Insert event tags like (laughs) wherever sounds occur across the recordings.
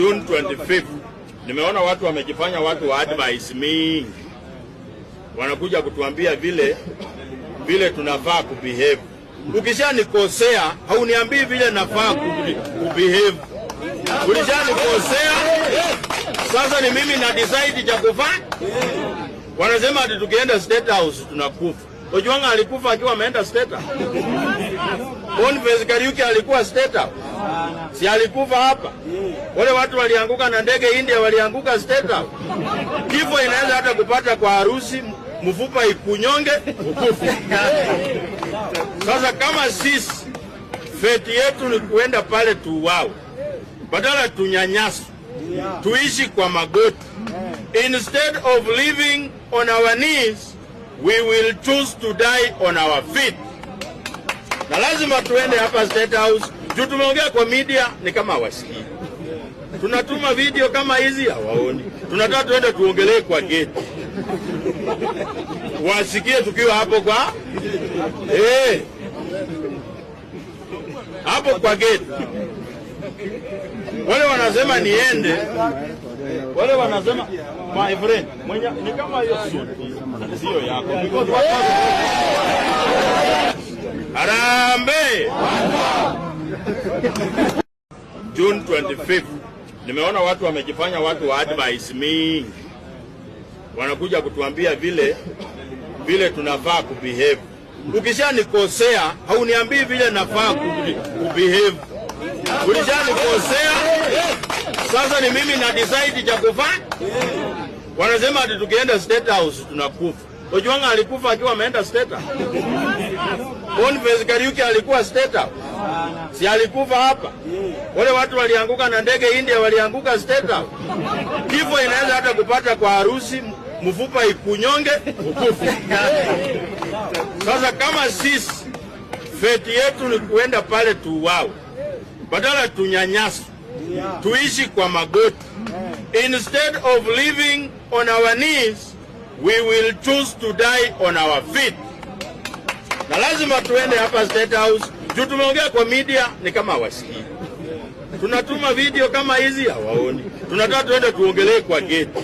June 25 th nimeona watu wamejifanya watu wa advice mingi, wanakuja kutuambia vile vile tunafaa kubehave. Ukishanikosea hauniambii vile nafaa kubehave. Ulishanikosea, sasa ni mimi na decide cha kufanya. Wanasema ati tukienda State House tunakufa. Ojwanga alikufa akiwa ameenda State House. Boniface Kariuki alikuwa State House si alikufa hapa. Wale watu walianguka na ndege India, walianguka State Kifo inaweza hata kupata kwa harusi, mfupa ikunyonge ukufu. Sasa kama sisi feti yetu ni kuenda pale tuuawe, badala tunyanyaswe, tuishi kwa magoti. Instead of living on our knees, we will choose to die on our feet. Na lazima tuende hapa State House juu tumeongea kwa media ni kama hawasikii. Tunatuma video kama hizi hawaoni. Tunataka tuende tuongelee kwa geti wasikie tukiwa hapo kwa eh, hapo kwa geti. Wale wanasema niende, wale wanasema my friend, mwenye ni kama hiyo suti sio yako because Harambee! (laughs) June 25 nimeona watu wamejifanya watu wa advice mingi, wanakuja kutuambia vile vile tunafaa kubehave. Ukishanikosea hauniambii vile nafaa kubehave. Ulishanikosea, sasa ni mimi na decide cha kufanya. Wanasema ati tukienda State House tunakufa. Ojwang alikufa akiwa ameenda steta. House. Boniface Kariuki alikuwa steta, Si alikufa hapa? Wale watu walianguka na ndege India walianguka steta. Kifo inaweza hata kupata kwa harusi, mfupa ikunyonge, ukufu. Sasa kama sisi feti yetu ni kuenda pale tuuawe, badala tunyanyaswe, tuishi kwa magoti, instead of living on our knees we will choose to die on our feet, na lazima tuende hapa State House juu tumeongea kwa media ni kama hawasikii. Tunatuma video kama hizi hawaoni, tunataka tuende tuongelee kwa geti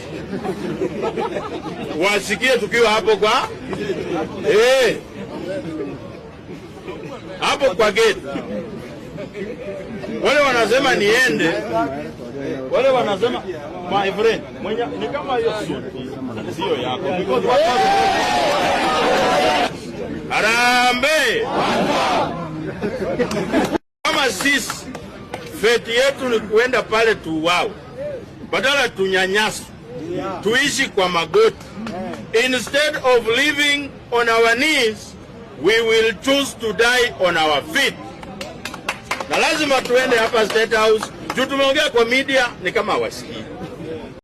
wasikie tukiwa hapo kwa eh, hey. hapo kwa geti wale wanasema niende, wale wanasema my friend, mwenye ni kama hiyo suti sio yako because what are Arambe kama sisi feti yetu ni kuenda pale tuuawe, badala tunyanyaswe, tuishi kwa magoti. Instead of living on our knees, we will choose to die on our feet na lazima tuende hapa State House juu tumeongea kwa media ni kama hawasikii.